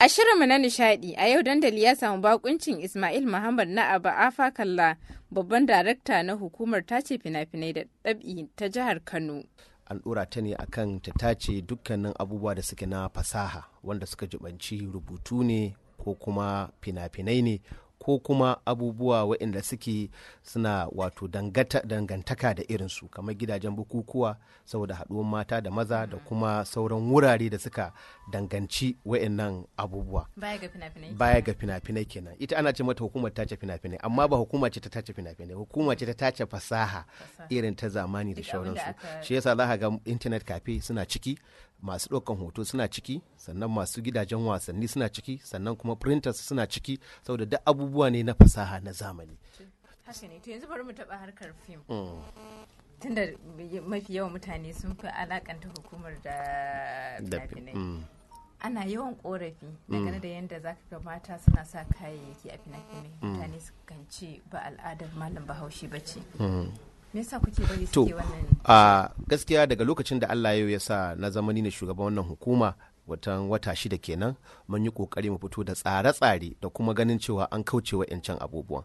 A shirinmu na nishaɗi a yau dandali ya samu bakuncin Ismail Muhammad na Aba Afa Kalla babban darakta na hukumar tace fina-finai da ɗabi ta jihar Kano. An ɗora ta ne akan ta tace dukkanin abubuwa da suke na fasaha wanda suka jibanci rubutu ne ko kuma fina-finai ne ko kuma abubuwa waɗanda suke suna wato dangantaka da irinsu kamar gidajen bukukuwa saboda haɗuwar mata da maza da kuma sauran wurare da suka danganci waɗannan abubuwa baya ga fina-finai kenan ita ana ce mata hukumar tace fina-finai amma ba hukuma ce ta tace fina-finai hukuma ce ta tace fasaha irin ta zamani da shauransu shi yasa za ga intanet kafe suna ciki masu ɗaukan hoto suna ciki sannan masu gidajen wasanni suna ciki sannan kuma printers suna ciki saboda duk abubuwa ne na fasaha na zamani haka ne to yanzu bari mu taɓa harkar fim mm. tunda mafi yawan mutane sun fi alakanta hukumar da fina-finai mm. ana yawan korafi mm. dangane da yadda zaka ga mata suna sa kayayyaki a fina-finai mutane su kan ce ba al'adar malam bahaushe ba ce me yasa kuke bari suke wannan gaskiya daga lokacin da Allah yau ya sa na zama ni ne shugaban wannan hukuma watan wata shida kenan mun yi kokari mu fito da tsare-tsare da kuma ganin cewa an kauce wa abubuwan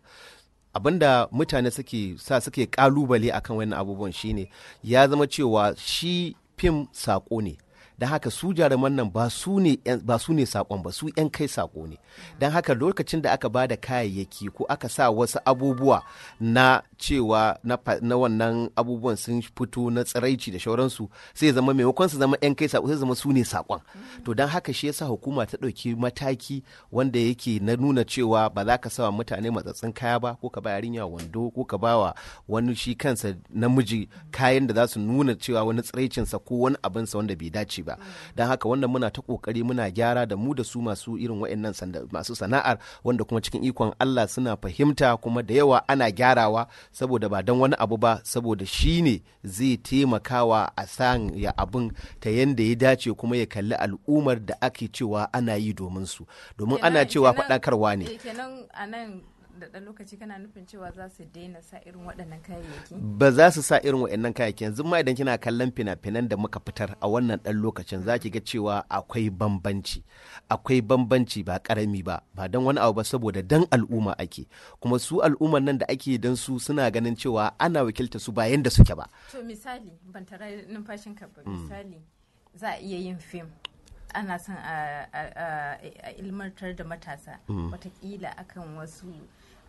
abinda mutane suke sa suke kalubale akan wannan abubuwan shine ya zama cewa shi fim sako ne don haka su jaruman nan ba su ne sakon ba su 'yan kai sako ne don haka lokacin da aka ba da kayayyaki ko aka sa wasu abubuwa na cewa na wannan abubuwan sun fito na tsiraici da shauransu sai zama maimakon su zama 'yan kai sako sai zama su ne sakon to don haka shi yasa hukuma ta ɗauki mataki wanda yake na nuna cewa ba za ka sawa mutane matsatsin kaya ba ko ka ba yarinya wando ko ka ba wa wani shi kansa namiji kayan da za su nuna cewa wani tsiraicinsa ko wani abinsa wanda bai dace ba shiga don haka wannan muna ta kokari muna gyara da mu da su masu irin wa'annan masu sana'ar wanda kuma cikin ikon Allah suna fahimta kuma da yawa ana gyarawa saboda ba don wani abu ba saboda shi ne zai taimakawa a san ya abin ta yanda ya dace kuma ya kalli al'ummar da ake cewa ana yi domin su domin ana cewa faɗakarwa ne eh, da ɗan lokaci kana nufin cewa za su daina sa irin waɗannan kayayyaki ba za su sa irin waɗannan kayayyaki yanzu ma idan kina kallon fina-finan da muka fitar a wannan ɗan lokacin za ki ga cewa akwai bambanci akwai bambanci ba ƙarami ba ba don wani abu ba saboda dan al'umma ake kuma su al'umman nan da ake dan su suna ganin cewa ana wakilta su ba yanda suke ba to misali ban tara numfashin ba mm. misali za a iya yin fim ana son a ilmantar da matasa mm. watakila akan wasu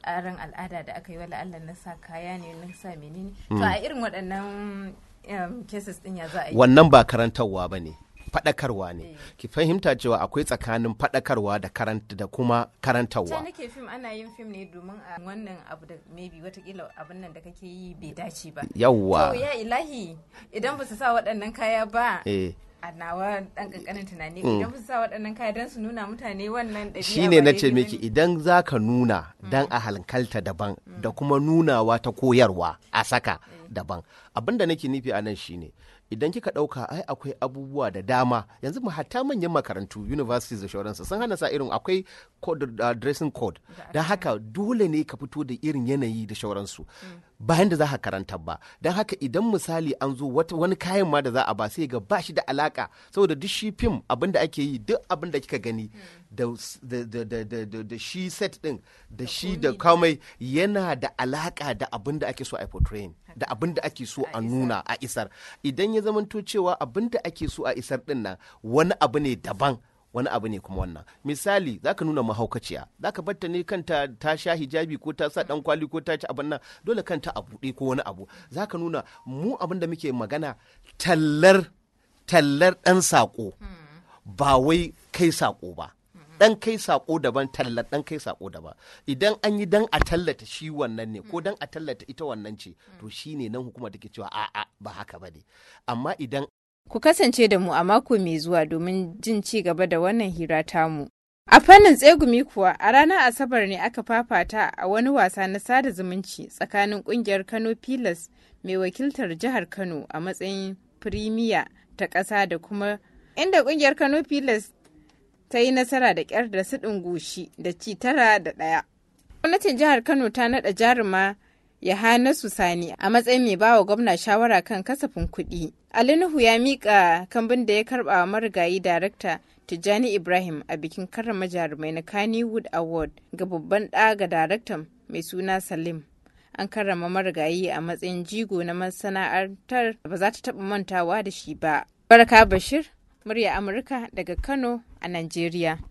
aran al'ada da aka yi wa la'alla na sa kaya ne na sa menene to mm. a irin waɗannan um, cases din ya za a yi wannan ba karantarwa ba ne faɗakarwa ne eh. ki fahimta cewa akwai tsakanin faɗakarwa da karanta da kuma karantarwa ta nake fim ana yin fim ne domin a wannan abu da maybe watakila abin nan da kake yi bai dace ba yawwa to ya ilahi idan ba su sa waɗannan kaya ba eh. a nawa dan kankanin tunani mm. idan ba sa waɗannan kaya don su nuna mutane wannan ɗabi'a shine nace miki idan za ka nuna mm. dan a halkalta daban mm. da kuma nunawa ta koyarwa a saka daban abinda nake nufi a nan shine idan kika ɗauka ai akwai abubuwa da dama yanzu ma hatta manyan makarantu universities da shauransu sun hana sa irin akwai uh, dressing code don haka dole ne ka fito da irin yanayi da shauransu mm. bayan da za ka karanta ba don haka idan misali an zo wani kayan ma da za a ba sai ga ba shi da alaka saboda duk shi fim abin ake yi duk abin da kika gani mm. da da shi set din da shi da kamai yana da alaka da abin da ake so a portraying da abin da ake so a nuna a isar idan ya zamanto cewa abin da ake so a isar din nan wani abu ne daban wani abu ne kuma wannan misali zaka nuna mahaukaciya zaka batta ne kanta ta sha hijabi ko ta sa dan kwali ko ta ci abin nan dole kanta a buɗe ko wani abu zaka nuna mu abin da muke magana tallar tallar dan sako hmm. ba wai kai sako ba dan kai sako daban tallat dan kai sako daban idan an yi dan a tallata shi wannan ne ko dan a tallata ita wannan ce to shine nan hukuma take cewa a'a ba haka bane amma idan ku kasance da mu a mako mai zuwa domin jin ci gaba da wannan hira mu. A fannin tsegumi kuwa a ranar Asabar ne aka fafata a wani wasa na sada zumunci tsakanin kungiyar Kano Pilas mai wakiltar jihar Kano a matsayin firimiya ta ƙasa da kuma inda kungiyar Kano Pilas ta yi nasara da kyar da siɗin gushi da ci tara da ɗaya. Gwamnatin jihar Kano ta naɗa jaruma Yahanasu Sani a matsayin mai bawa gwamna shawara kan kasafin kuɗi. Ali Nuhu ya miƙa kambin da ya karɓa wa marigayi darakta Tijjani Ibrahim a bikin karrama jarumai na Kannywood Award ga babban ɗa ga daraktan mai suna Salim. An karrama marigayi a matsayin jigo na masana'antar ba za ta taɓa mantawa da shi ba. Barka Bashir, murya Amurka daga Kano, a Najeriya.